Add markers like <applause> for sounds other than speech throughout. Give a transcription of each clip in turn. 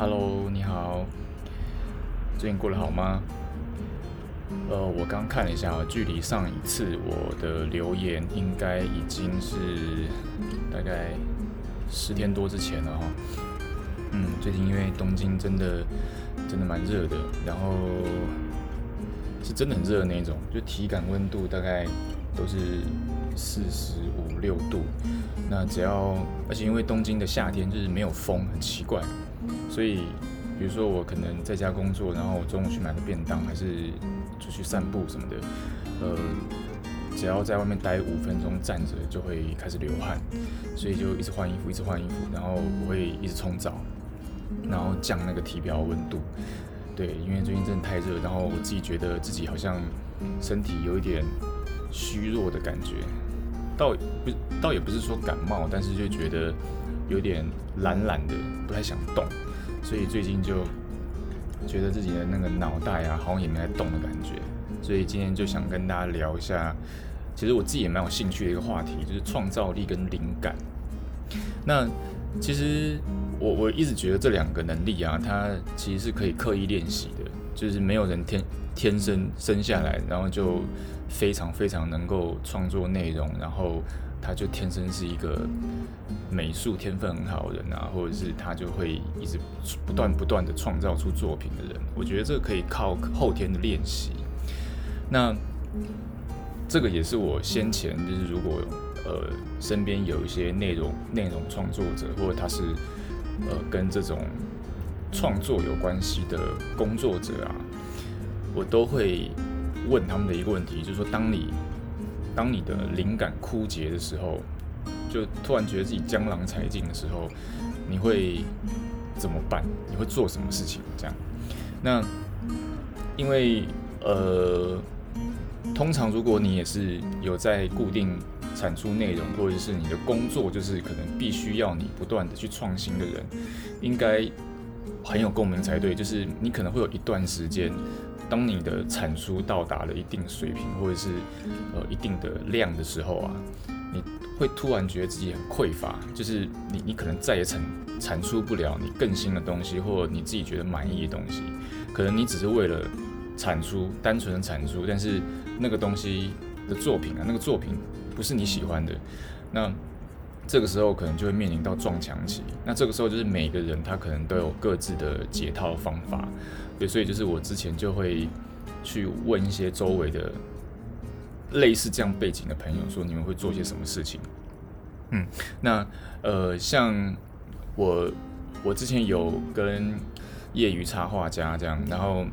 Hello，你好。最近過得好嗎？呃，我剛看了一下，距離上一次我的留言應該已經是大概十天多之前了哈。嗯，最近因為東京真的真的蠻熱的，然後是真的很熱的那種，就體感溫度大概都是四十五六度。那只要而且因為東京的夏天就是沒有風，很奇怪。所以，比如說我可能在家工作，然後我中午去買個便當，還是出去散步什麼的，呃，只要在外面待五分鐘站着就會開始流汗，所以就一直換衣服，一直換衣服，然後我會一直沖澡，然後降那個體表溫度。對，因為最近真的太熱，然後我自己覺得自己好像身體有一點虛弱的感覺，倒不，倒也不是說感冒，但是就覺得有點懶懶的，不太想動。所以最近就覺得自己的那個腦袋啊，好像也沒在動的感覺。所以今天就想跟大家聊一下，其實我自己也蠻有興趣的一個話題，就是創造力跟靈感。那其實我我一直覺得這兩個能力啊，它其實是可以刻意練習的，就是沒有人天天生生下來，然後就非常非常能夠創作內容，然後。他就天生是一個美術天分很好的人啊，或者是他就會一直不斷不斷的創造出作品的人。我覺得這個可以靠後天的練習。那這個也是我先前就是如果呃身邊有一些內容內容創作者，或者他是呃跟這種創作有關係的工作者啊，我都會問他們的一個問題，就是說當你。當你的靈感枯竭的時候，就突然覺得自己江郎才盡的時候，你會怎麼辦？你會做什麼事情？這樣。那因為呃，通常如果你也是有在固定產出內容，或者是你的工作就是可能必須要你不斷的去創新的人，應該。很有共鳴才對，就是你可能會有一段時間，當你的產出到達了一定水平，或者是呃一定的量的時候啊，你會突然覺得自己很匱乏，就是你你可能再也產產出不了你更新的東西，或者你自己覺得滿意的東西，可能你只是為了產出單純的產出，但是那個東西的作品啊，那個作品不是你喜歡的，那。這個時候可能就會面臨到撞牆期，那這個時候就是每個人他可能都有各自的解套的方法，對，所以就是我之前就會去問一些周圍的類似這樣背景的朋友，說你們會做些什麼事情？嗯，那呃，像我我之前有跟業餘插畫家這樣，然後。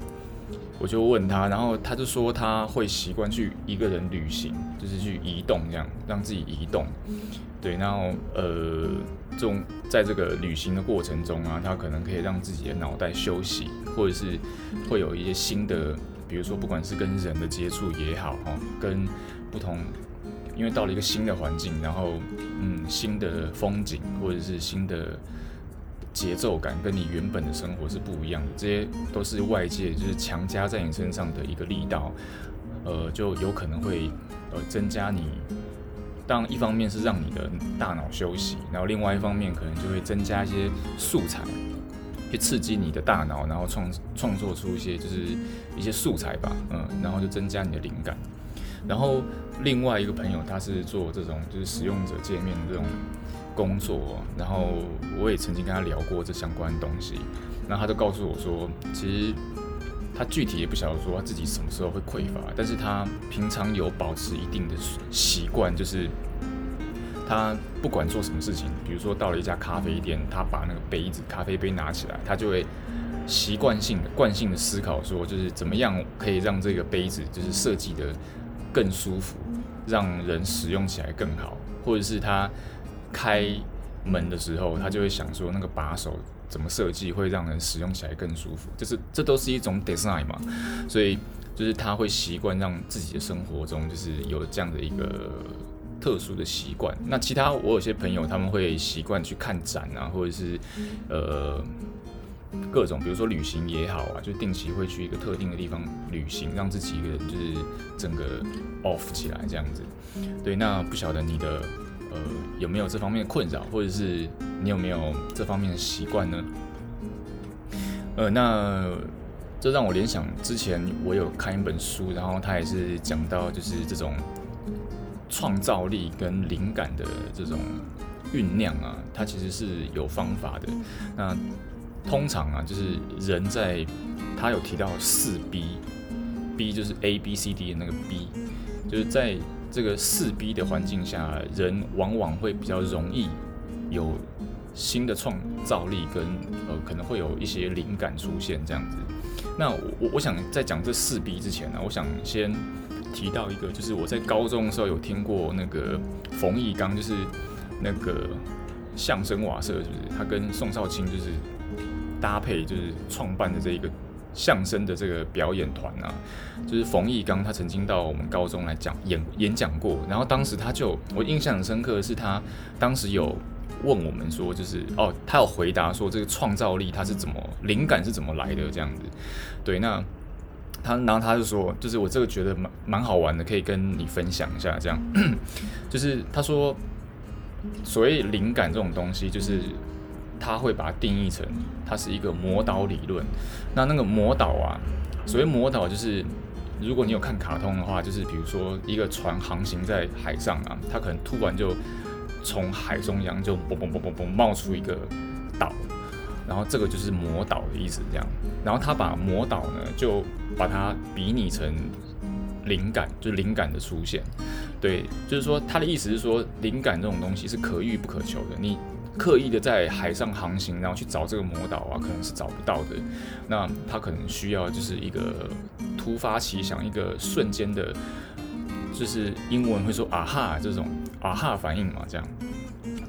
我就問他，然後他就說他會習慣去一個人旅行，就是去移動這樣，讓自己移動。對，然後呃，這種在這個旅行的過程中啊，他可能可以讓自己的腦袋休息，或者是會有一些新的，比如說不管是跟人的接觸也好，跟不同，因為到了一個新的環境，然後嗯，新的風景，或者是新的。節奏感跟你原本的生活是不一樣的，這些都是外界就是強加在你身上的一個力道，呃，就有可能會呃增加你。當一方面是讓你的大腦休息，然後另外一方面可能就會增加一些素材，去刺激你的大腦，然後創創作出一些就是一些素材吧，嗯，然後就增加你的靈感，然後。另外一個朋友，他是做這種就是使用者界面的這種工作，然後我也曾經跟他聊過這相關的東西，然後他就告訴我說，其實他具體也不曉得說他自己什麼時候會匱乏，但是他平常有保持一定的習慣，就是他不管做什麼事情，比如說到了一家咖啡店，他把那個杯子咖啡杯拿起來，他就會習慣性的慣性的思考說，就是怎麼樣可以讓這個杯子就是設計的。更舒服，讓人使用起來更好，或者是他開門的時候，他就會想說那個把手怎麼設計會讓人使用起來更舒服，就是這都是一種 design 嘛。所以就是他會習慣讓自己的生活中就是有這樣的一個特殊的習慣。那其他我有些朋友他們會習慣去看展啊，或者是呃。各種，比如說旅行也好啊，就定期會去一個特定的地方旅行，讓自己一個人就是整個 off 起來這樣子。對，那不曉得你的呃有沒有這方面的困擾，或者是你有沒有這方面的習慣呢？呃，那這讓我聯想之前我有看一本書，然後它也是講到就是這種創造力跟靈感的這種醞釀啊，它其實是有方法的。那通常啊，就是人在他有提到四 b，b 就是 A B C D 的那個 b 就是在這個四 b 的環境下，人往往會比較容易有新的創造力跟呃，可能會有一些靈感出現這樣子。那我我想在講這四 b 之前呢，啊，我想先提到一個，就是我在高中的時候有聽過那個馮翊剛，就是那個相聲瓦舍，是不是？他跟宋少卿就是。搭配就是創辦的這一個相聲的這個表演團啊，就是馮翊綱他曾經到我們高中來講演演講過，然後當時他就我印象很深刻的是他當時有問我們說，就是哦，他有回答說這個創造力他是怎麼靈感是怎麼來的這樣子，對，那他然後他就說，就是我這個覺得蠻蠻好玩的，可以跟你分享一下，這樣就是他說所謂靈感這種東西就是。他會把它定義成，它是一個魔島理論。那那個魔島啊，所謂魔島就是，如果你有看卡通的話，就是比如說一個船航行在海上啊，它可能突然就從海中央就嘣嘣嘣嘣嘣冒出一個島，然後這個就是魔島的意思這樣。然後他把魔島呢，就把它比擬成靈感，就靈感的出現。對，就是說他的意思是說，靈感這種東西是可遇不可求的，你。刻意的在海上航行，然後去找這個魔島啊，可能是找不到的。那他可能需要就是一個突發奇想，一個瞬間的，就是英文會說啊哈這種啊哈反應嘛，這樣。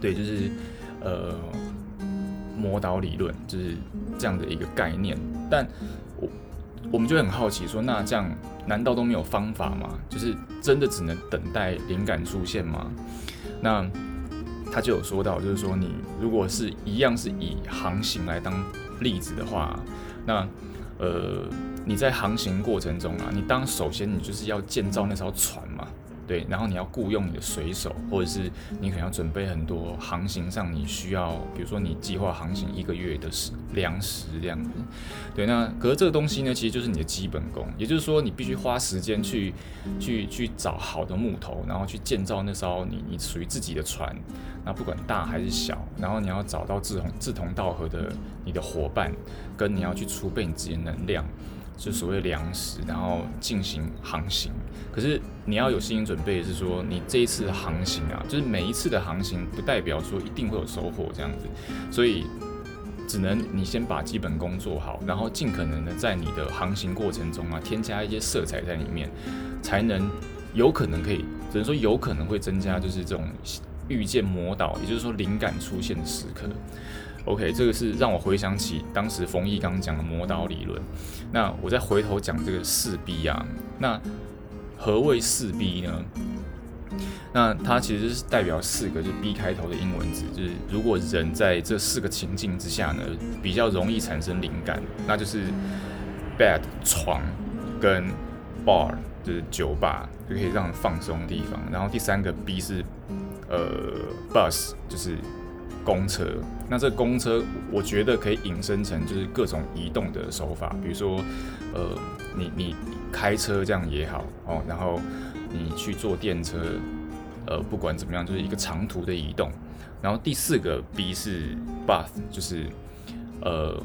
對，就是呃，魔島理論就是這樣的一個概念。但我我們就很好奇說，那這樣難道都沒有方法嗎？就是真的只能等待靈感出現嗎？那，他就有說到，就是說你如果是一樣是以航行來當例子的話，啊，那呃你在航行過程中啊，你當首先你就是要建造那艘船嘛。對，然後你要僱傭你的水手，或者是你可能要準備很多航行上你需要，比如說你計劃航行一個月的食糧食這樣子。對，那隔這個東西呢，其實就是你的基本功，也就是說你必須花時間去去去找好的木頭，然後去建造那艘你你屬於自己的船，那不管大還是小，然後你要找到志同志同道合的你的夥伴，跟你要去儲備你自己的能量。就所謂糧食，然後進行航行。可是你要有心理準備，是說你這一次航行啊，就是每一次的航行，不代表說一定會有收穫這樣子。所以只能你先把基本功做好，然後盡可能的在你的航行過程中啊，添加一些色彩在裡面，才能有可能可以，只能說有可能會增加，就是這種遇見魔島，也就是說靈感出現的時刻。OK，這個是讓我回想起當時馮毅剛講的魔導理論。那我再回頭講這個四 B 啊，那何謂四 B 呢？那它其實就是代表四個就是 B 開頭的英文字，就是如果人在這四個情境之下呢，比較容易產生靈感，那就是 bed 床跟 bar 就是酒吧，就可以讓人放鬆的地方。然後第三個 B 是呃 bus 就是。公車，那這公車，我覺得可以引申成就是各種移動的手法，比如說，呃，你你開車這樣也好哦，然後你去坐電車，呃，不管怎麼樣，就是一個長途的移動。然後第四個 B 是 bath，就是呃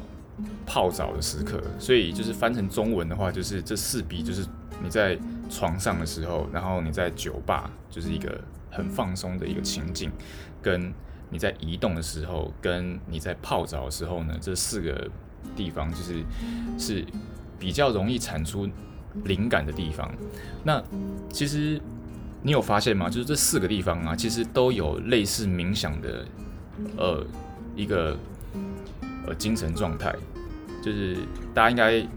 泡澡的時刻。所以就是翻成中文的話，就是這四 B 就是你在床上的時候，然後你在酒吧，就是一個很放鬆的一個情境，跟。你在移動的時候，跟你在泡澡的時候呢，這四個地方就是是比較容易產出靈感的地方。那其實你有發現嗎？就是這四個地方啊，其實都有類似冥想的呃一個呃精神狀態，就是大家應該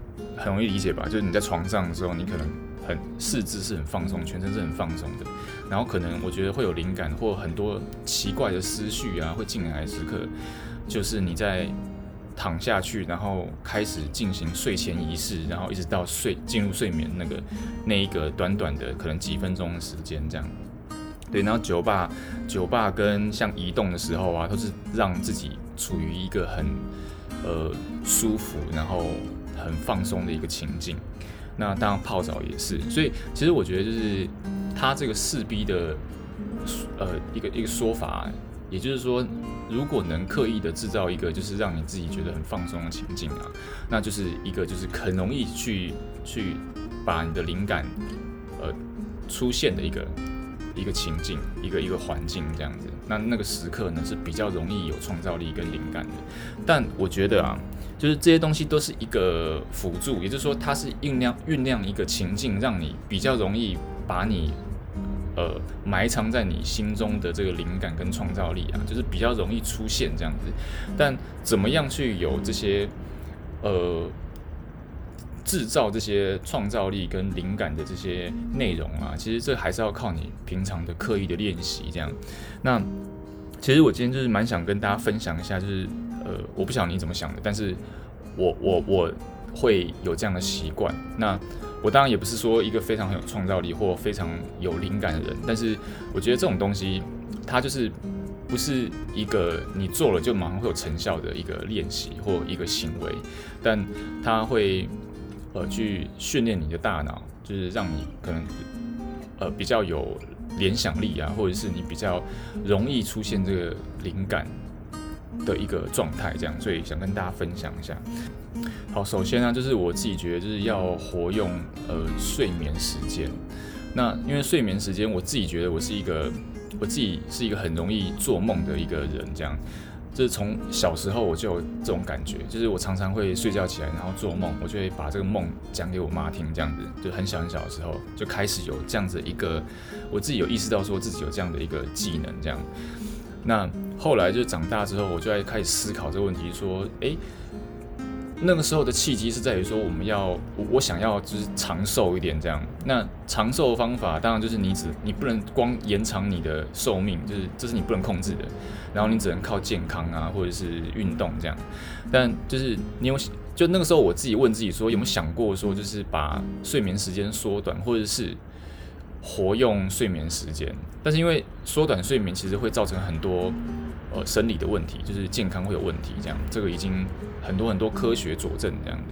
很容易理解吧？就是你在床上的時候，你可能。很四肢是很放鬆，全身是很放鬆的，然後可能我覺得會有靈感或很多奇怪的思緒啊，會進來的時刻，就是你在躺下去，然後開始進行睡前儀式，然後一直到睡進入睡眠那個那一個短短的可能幾分鐘的時間這樣，對，然後酒吧酒吧跟像移動的時候啊，都是讓自己處於一個很呃舒服，然後很放鬆的一個情境。那當然泡澡也是，所以其實我覺得就是，它這個 4B 的，呃，一個一個說法，也就是說，如果能刻意的製造一個就是讓你自己覺得很放鬆的情境啊，那就是一個就是很容易去去把你的靈感，呃，出現的一個。一個情境，一個一個環境這樣子，那那個時刻呢，是比較容易有創造力跟靈感的。但我覺得啊，就是這些東西都是一個輔助，也就是說它是醞釀醞釀一個情境，讓你比較容易把你呃埋藏在你心中的這個靈感跟創造力啊，就是比較容易出現這樣子。但怎麼樣去有這些呃？製造這些創造力跟靈感的這些內容啊，其實這還是要靠你平常的刻意的練習。這樣，那其實我今天就是蠻想跟大家分享一下，就是呃，我不曉得你怎麼想的，但是我我我會有這樣的習慣。那我當然也不是說一個非常很有創造力或非常有靈感的人，但是我覺得這種東西它就是不是一個你做了就馬上會有成效的一個練習或一個行為，但它會。呃，去訓練你的大腦，就是讓你可能呃比較有聯想力啊，或者是你比較容易出現這個靈感的一個狀態，這樣，所以想跟大家分享一下。好，首先呢，就是我自己覺得就是要活用呃睡眠時間。那因為睡眠時間，我自己覺得我是一個我自己是一個很容易做夢的一個人，這樣。就是從小時候我就有這種感覺，就是我常常會睡覺起來，然後做夢，我就會把這個夢講給我媽聽，這樣子，就很小很小的時候就開始有這樣子一個，我自己有意識到說自己有這樣的一個技能，這樣。那後來就長大之後，我就在開始思考這個問題，說，哎、欸。那個時候的契機是在於說，我們要我我想要就是長壽一點這樣。那長壽的方法當然就是你只你不能光延長你的壽命，就是這是你不能控制的。然後你只能靠健康啊，或者是運動這樣。但就是你有就那個時候我自己問自己說，有沒有想過說，就是把睡眠時間縮短，或者是活用睡眠時間？但是因為縮短睡眠其實會造成很多。呃，生理的問題就是健康會有問題，這樣，這個已經很多很多科學佐證這樣子，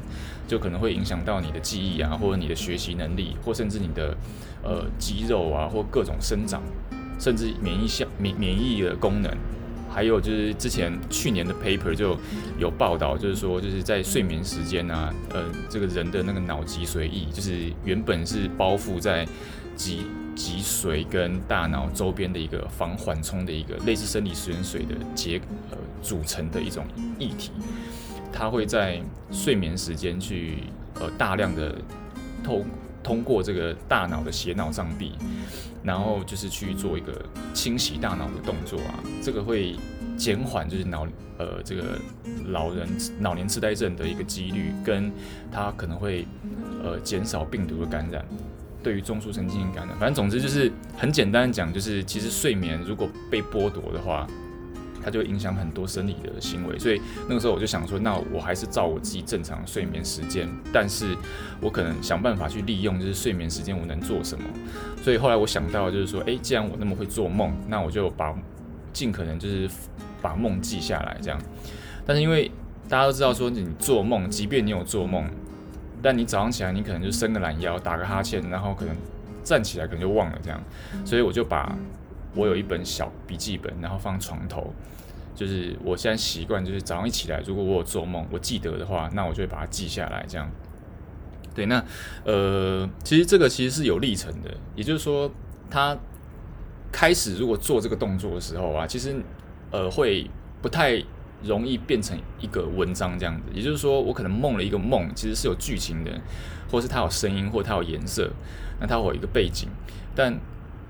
就可能會影響到你的記憶啊，或者你的學習能力，或甚至你的呃肌肉啊，或各種生長，甚至免疫項、免疫的功能，還有就是之前去年的 paper 就有報道，就是說就是在睡眠時間吶、啊，呃，這個人的那個腦脊髓液就是原本是包覆在。脊脊髓跟大腦周邊的一個防緩衝的一個類似生理食鹽水的結呃組成的一種液體，它會在睡眠時間去呃大量的透通過這個大腦的血腦障壁，然後就是去做一個清洗大腦的動作啊，這個會減緩就是腦呃這個老人老年痴呆症的一個幾率，跟它可能會呃減少病毒的感染。對於中樞神經性感染，反正總之就是很簡單的講，就是其實睡眠如果被剝奪的話，它就會影響很多生理的行為。所以那個時候我就想說，那我還是照我自己正常的睡眠時間，但是我可能想辦法去利用，就是睡眠時間我能做什麼。所以後來我想到就是說，哎，既然我那麼會做夢，那我就把盡可能就是把夢記下來這樣。但是因為大家都知道說，你做夢，即便你有做夢。但你早上起來，你可能就伸個懶腰，打個哈欠，然後可能站起來，可能就忘了這樣。所以我就把我有一本小筆記本，然後放床頭，就是我現在習慣，就是早上一起來，如果我有做夢，我記得的話，那我就會把它記下來這樣。對，那呃，其實這個其實是有歷程的，也就是說，他開始如果做這個動作的時候啊，其實呃會不太。容易變成一個文章這樣子，也就是說，我可能夢了一個夢，其實是有劇情的，或是它有聲音，或它有顏色，那它會有一個背景，但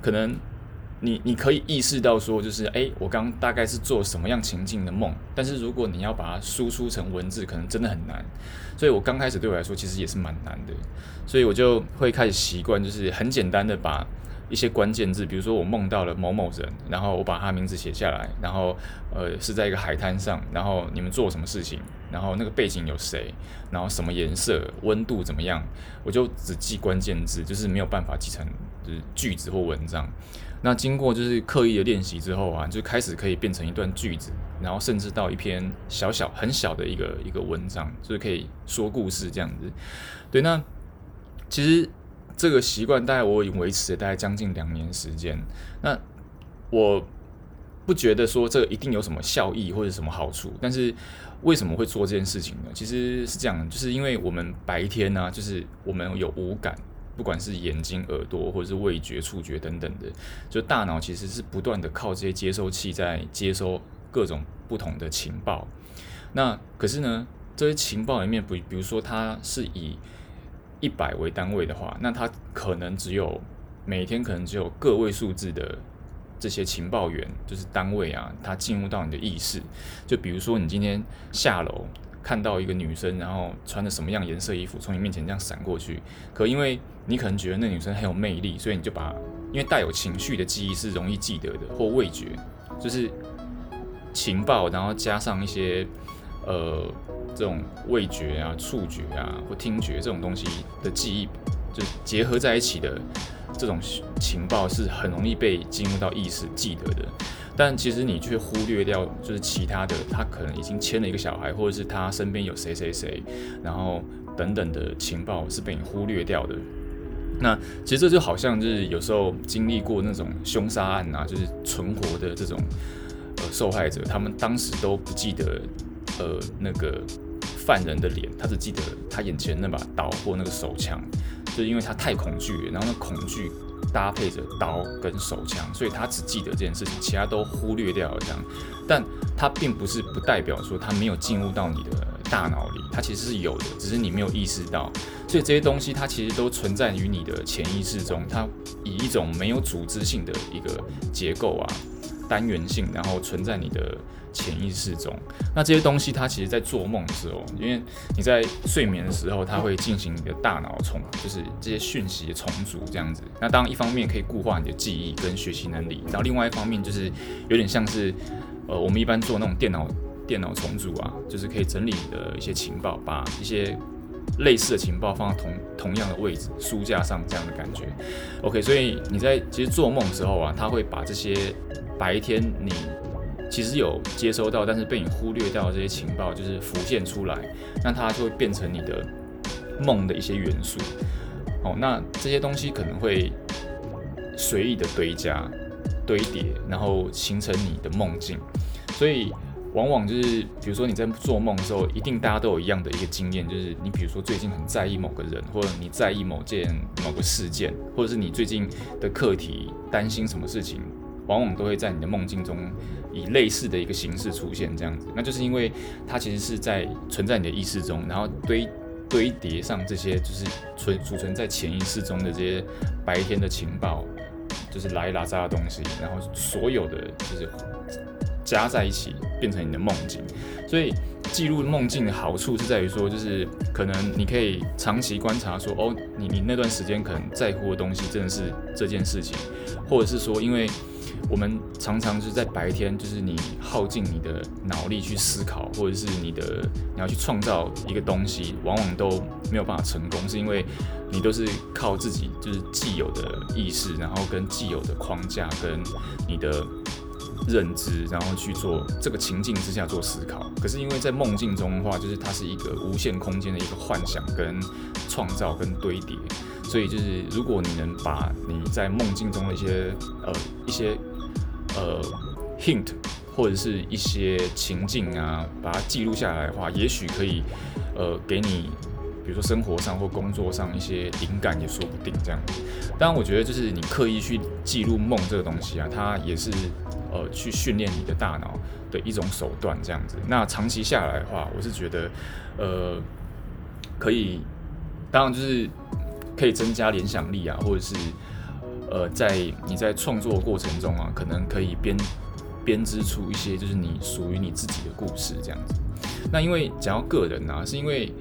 可能你你可以意識到說，就是誒、欸，我剛大概是做什麼樣情境的夢，但是如果你要把它輸出成文字，可能真的很難，所以我剛開始對我來說其實也是蠻難的，所以我就會開始習慣，就是很簡單的把。一些關鍵字，比如說我夢到了某某人，然後我把他名字寫下來，然後呃是在一個海灘上，然後你們做什麼事情，然後那個背景有誰，然後什麼顏色，溫度怎麼樣，我就只記關鍵字，就是沒有辦法記成就是句子或文章。那經過就是刻意的練習之後啊，就開始可以變成一段句子，然後甚至到一篇小小很小的一個一個文章，就是可以說故事這樣子。對，那其實。這個習慣大概我已經維持了大概將近兩年時間。那我不覺得說，這一定有什麼效益或者什麼好處，但是為什麼會做這件事情呢？其實是這樣，就是因為我們白天呢、啊，就是我們有五感，不管是眼睛、耳朵，或者是味覺、觸覺等等的，就大腦其實是不斷地靠這些接收器在接收各種不同的情報。那可是呢，這些情報裡面，比比如說，它是以一百為單位的話，那他可能只有每天可能只有個位數字的這些情報員，就是單位啊，他進入到你的意識。就比如說，你今天下樓看到一個女生，然後穿着什麼樣顏色衣服從你面前這樣閃過去，可因為你可能覺得那女生很有魅力，所以你就把，因為帶有情緒的記憶是容易記得的，或味覺就是情報，然後加上一些。呃，這種味覺啊、觸覺啊，或聽覺，啊或聽覺這種東西的記憶，就結合在一起的這種情報是很容易被進入到意識記得的。但其實你卻忽略掉，就是其他的他可能已經牽了一個小孩，或者是他身邊有誰誰誰，然後等等的情報是被你忽略掉的。那其實這就好像就是有時候經歷過那種兇殺案啊，就是存活的這種呃受害者，他們當時都不記得。呃，那個犯人的臉，他只記得他眼前那把刀或那個手槍，就是因為他太恐懼，然後那恐懼搭配着刀跟手槍，所以他只記得這件事情，其他都忽略掉了這樣。但他並不是不代表說他沒有進入到你的大腦裡，他其實是有的，只是你沒有意識到。所以這些東西它其實都存在於你的潛意識中，它以一種沒有組織性的一個結構啊。單元性，然後存在你的潛意識中。那這些東西，它其實在做夢的時候，因為你在睡眠的時候，它會進行你的大腦重，就是這些訊息的重組這樣子。那當一方面可以固化你的記憶跟學習能力，然後另外一方面就是有點像是，呃，我們一般做那種電腦電腦重組啊，就是可以整理你的一些情報，把一些類似的情報放到同同樣的位置書架上這樣的感覺。OK，所以你在其實做夢的時候啊，它會把這些。白天你其實有接收到，但是被你忽略掉的這些情報，就是浮現出來，那它就會變成你的夢的一些元素。哦，那這些東西可能會隨意的堆加、堆疊，然後形成你的夢境。所以，往往就是比如說你在做夢的時候，一定大家都有一樣的一個經驗，就是你比如說最近很在意某個人，或者你在意某件某個事件，或者是你最近的課題，擔心什麼事情，往往都會在你的夢境中以類似的一個形式出現，這樣子，那就是因為它其實是在存在你的意識中，然後堆堆疊上這些就是存儲存在潛意識中的這些白天的情報，就是拉哩拉雜的東西，然後所有的就是加在一起變成你的夢境。所以記錄夢境的好處是在於說，就是可能你可以長期觀察說，說哦，你你那段時間可能在乎的東西真的是這件事情，或者是說因為。我們常常就是在白天，就是你耗盡你的腦力去思考，或者是你的你要去創造一個東西，往往都沒有辦法成功，是因為你都是靠自己就是既有的意識，然後跟既有的框架跟你的認知，然後去做這個情境之下做思考。可是因為在夢境中的話，就是它是一個無限空間的一個幻想跟創造跟堆疊，所以就是如果你能把你在夢境中的一些呃一些呃，hint 或者是一些情境啊，把它記錄下來的話，也許可以呃給你，比如說生活上或工作上一些靈感也說不定。這樣子，當然我覺得就是你刻意去記錄夢這個東西啊，它也是呃去訓練你的大腦的一種手段。這樣子，那長期下來的話，我是覺得呃可以，當然就是可以增加聯想力啊，或者是。呃，在你在創作過程中啊，可能可以編編織出一些就是你屬於你自己的故事這樣子。那因為講到個人啊，是因為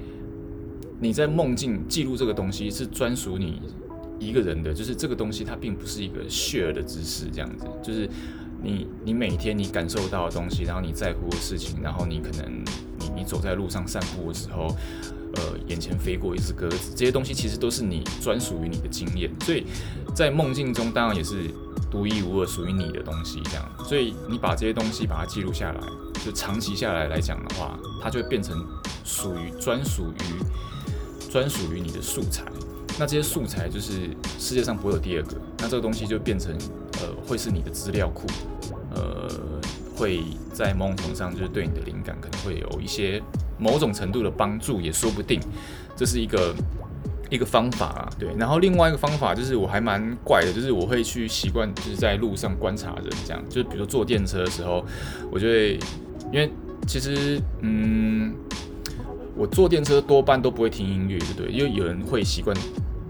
你在夢境記錄這個東西是專屬你一個人的，就是這個東西它並不是一個 share 的知識這樣子，就是你你每天你感受到的東西，然後你在乎的事情，然後你可能你你走在路上散步的時候。呃，眼前飛過一隻鴿子，這些東西其實都是你專屬於你的經驗，所以在夢境中當然也是獨一無二、屬於你的東西。這樣，所以你把這些東西把它記錄下來，就長期下來來講的話，它就會變成屬於專屬於、專屬於你的素材。那這些素材就是世界上不會有第二個，那這個東西就變成呃，會是你的資料庫，呃，會在夢境上就是對你的靈感可能會有一些。某種程度的幫助也說不定，這是一個一個方法啊，對，然後另外一個方法就是我還蠻怪的，就是我會去習慣就是在路上觀察人。這樣就是比如坐電車的時候，我就會，因為其實嗯，我坐電車多半都不會聽音樂，對不對？因為有人會習慣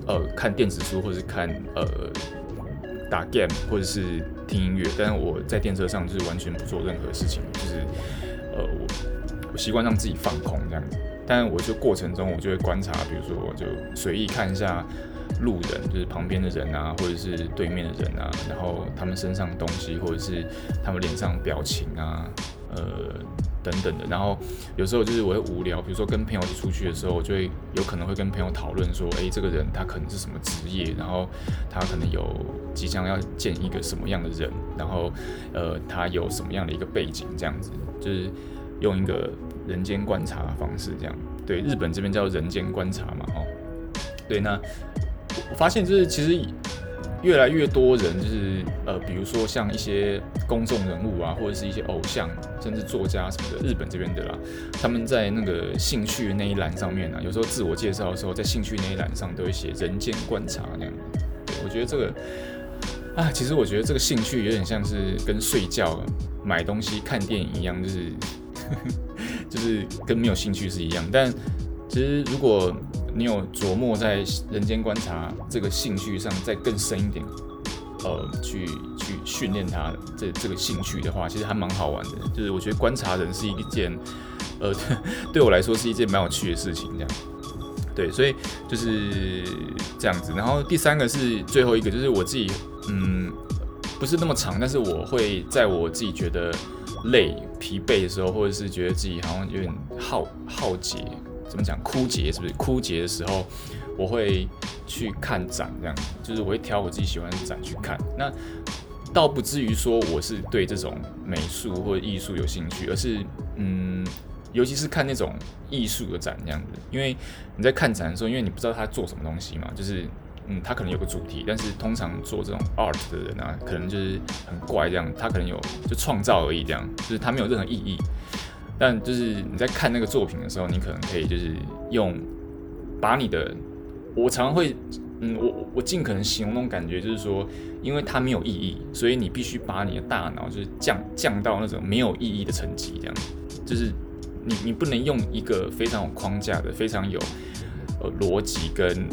呃看電子書或者是看呃打 game 或者是是聽音樂，但是我在電車上就是完全不做任何事情，就是。我習慣讓自己放空這樣子，但我就過程中我就會觀察，比如說我就隨意看一下路人，就是旁邊的人啊，或者是對面的人啊，然後他們身上的東西，或者是他們臉上的表情啊，呃等等的。然後有時候就是我會無聊，比如說跟朋友一起出去的時候，我就會有可能會跟朋友討論說，誒，這個人他可能是什麼職業，然後他可能有即將要見一個什麼樣的人，然後呃他有什麼樣的一個背景這樣子，就是。用一個人間觀察的方式，這樣對日本這邊叫人間觀察嘛。哦，對，那我發現就是其實越來越多人就是呃，比如說像一些公眾人物啊，或者是一些偶像啊，甚至作家什麼的，日本這邊的啦，他們在那個興趣那一欄上面呢啊，有時候自我介紹的時候，在興趣那一欄上都會寫人間觀察那樣的，對。我覺得這個啊，其實我覺得這個興趣有點像是跟睡覺啊、買東西、看電影一樣，就是。 <laughs> 就是跟沒有興趣是一樣，但其實如果你有琢磨在人間觀察這個興趣上，再更深一點，呃，去去訓練它這這個興趣的話，其實還蠻好玩的。就是我覺得觀察人是一件，呃，對我來說是一件蠻有趣的事情。這樣，對，所以就是這樣子。然後第三個是最後一個，就是我自己，嗯，不是那麼長，但是我會在我自己覺得。累、疲憊的時候，或者是覺得自己好像有點耗耗竭，怎麼講，枯竭是不是？枯竭的時候，我會去看展，這樣子，就是我會挑我自己喜歡的展去看。那倒不至於說我是對這種美術或者藝術有興趣，而是嗯，尤其是看那種藝術的展這樣子，因為你在看展的時候，因為你不知道他做什麼東西嘛，就是。嗯，他可能有個主題，但是通常做這種 art 的人呢、啊，可能就是很怪這樣。他可能有就創造而已，這樣就是他沒有任何意義。但就是你在看那個作品的時候，你可能可以就是用把你的，我常會嗯，我我儘可能形容那種感覺，就是說，因為他沒有意義，所以你必須把你的大腦就是降降到那種沒有意義的層級，這樣就是你你不能用一個非常有框架的、非常有、呃、邏輯跟。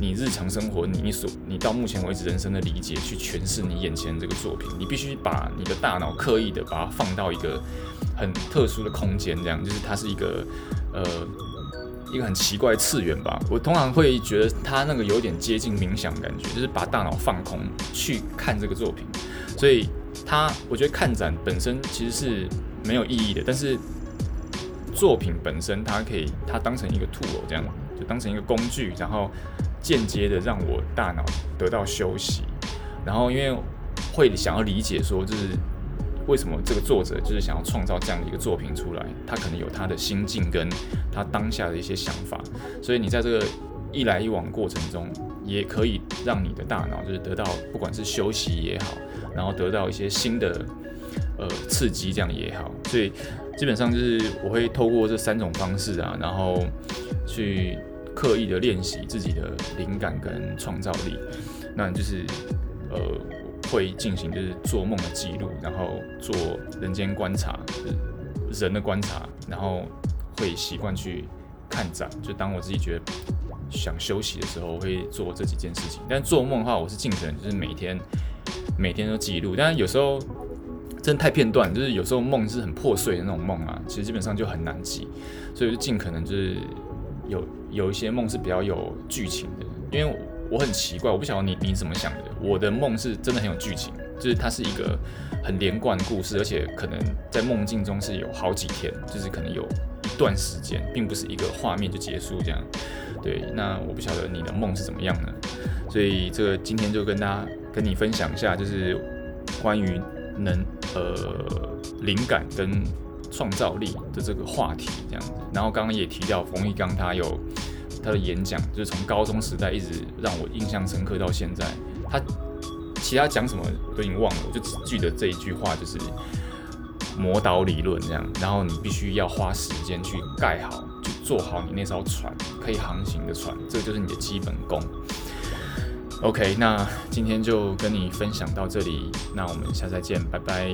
你日常生活，你所你到目前為止人生的理解去詮釋你眼前這個作品，你必須把你的大腦刻意地把它放到一個很特殊的空間，這樣就是它是一個呃一個很奇怪的次元吧。我通常會覺得它那個有點接近冥想的感覺，就是把大腦放空去看這個作品。所以它，我覺得看展本身其實是沒有意義的，但是作品本身它可以它當成一個兔偶這樣，就當成一個工具，然後。間接的讓我大腦得到休息，然後因為會想要理解說，就是為什麼這個作者就是想要創造這樣的一個作品出來，他可能有他的心境跟他當下的一些想法，所以你在這個一來一往過程中，也可以讓你的大腦就是得到不管是休息也好，然後得到一些新的呃刺激這樣也好，所以基本上就是我會透過這三種方式啊，然後去。刻意的練習自己的靈感跟創造力，那就是呃會進行就是做夢的記錄，然後做人間觀察，人的觀察，然後會習慣去看展。就當我自己覺得想休息的時候，我會做這幾件事情。但做夢的話，我是盡可能就是每天每天都記錄，但有時候真的太片段，就是有時候夢是很破碎的那種夢啊，其實基本上就很難記，所以就盡可能就是。有有一些夢是比較有劇情的，因為我我很奇怪，我不曉得你你怎麼想的。我的夢是真的很有劇情，就是它是一個很連貫的故事，而且可能在夢境中是有好幾天，就是可能有一段時間，並不是一個畫面就結束這樣。對，那我不曉得你的夢是怎麼樣呢？所以這個今天就跟大家跟你分享一下，就是關於能呃靈感跟創造力的這個話題這樣子。然後剛剛也提到馮玉剛，他有他的演講，就是從高中時代一直讓我印象深刻到現在。他其他講什麼我都已經忘了，我就只記得這一句話，就是“魔導理論”這樣。然後你必須要花時間去蓋好，去做好你那艘船，可以航行的船，這就是你的基本功。OK，那今天就跟你分享到這裡，那我們下次再見，拜拜。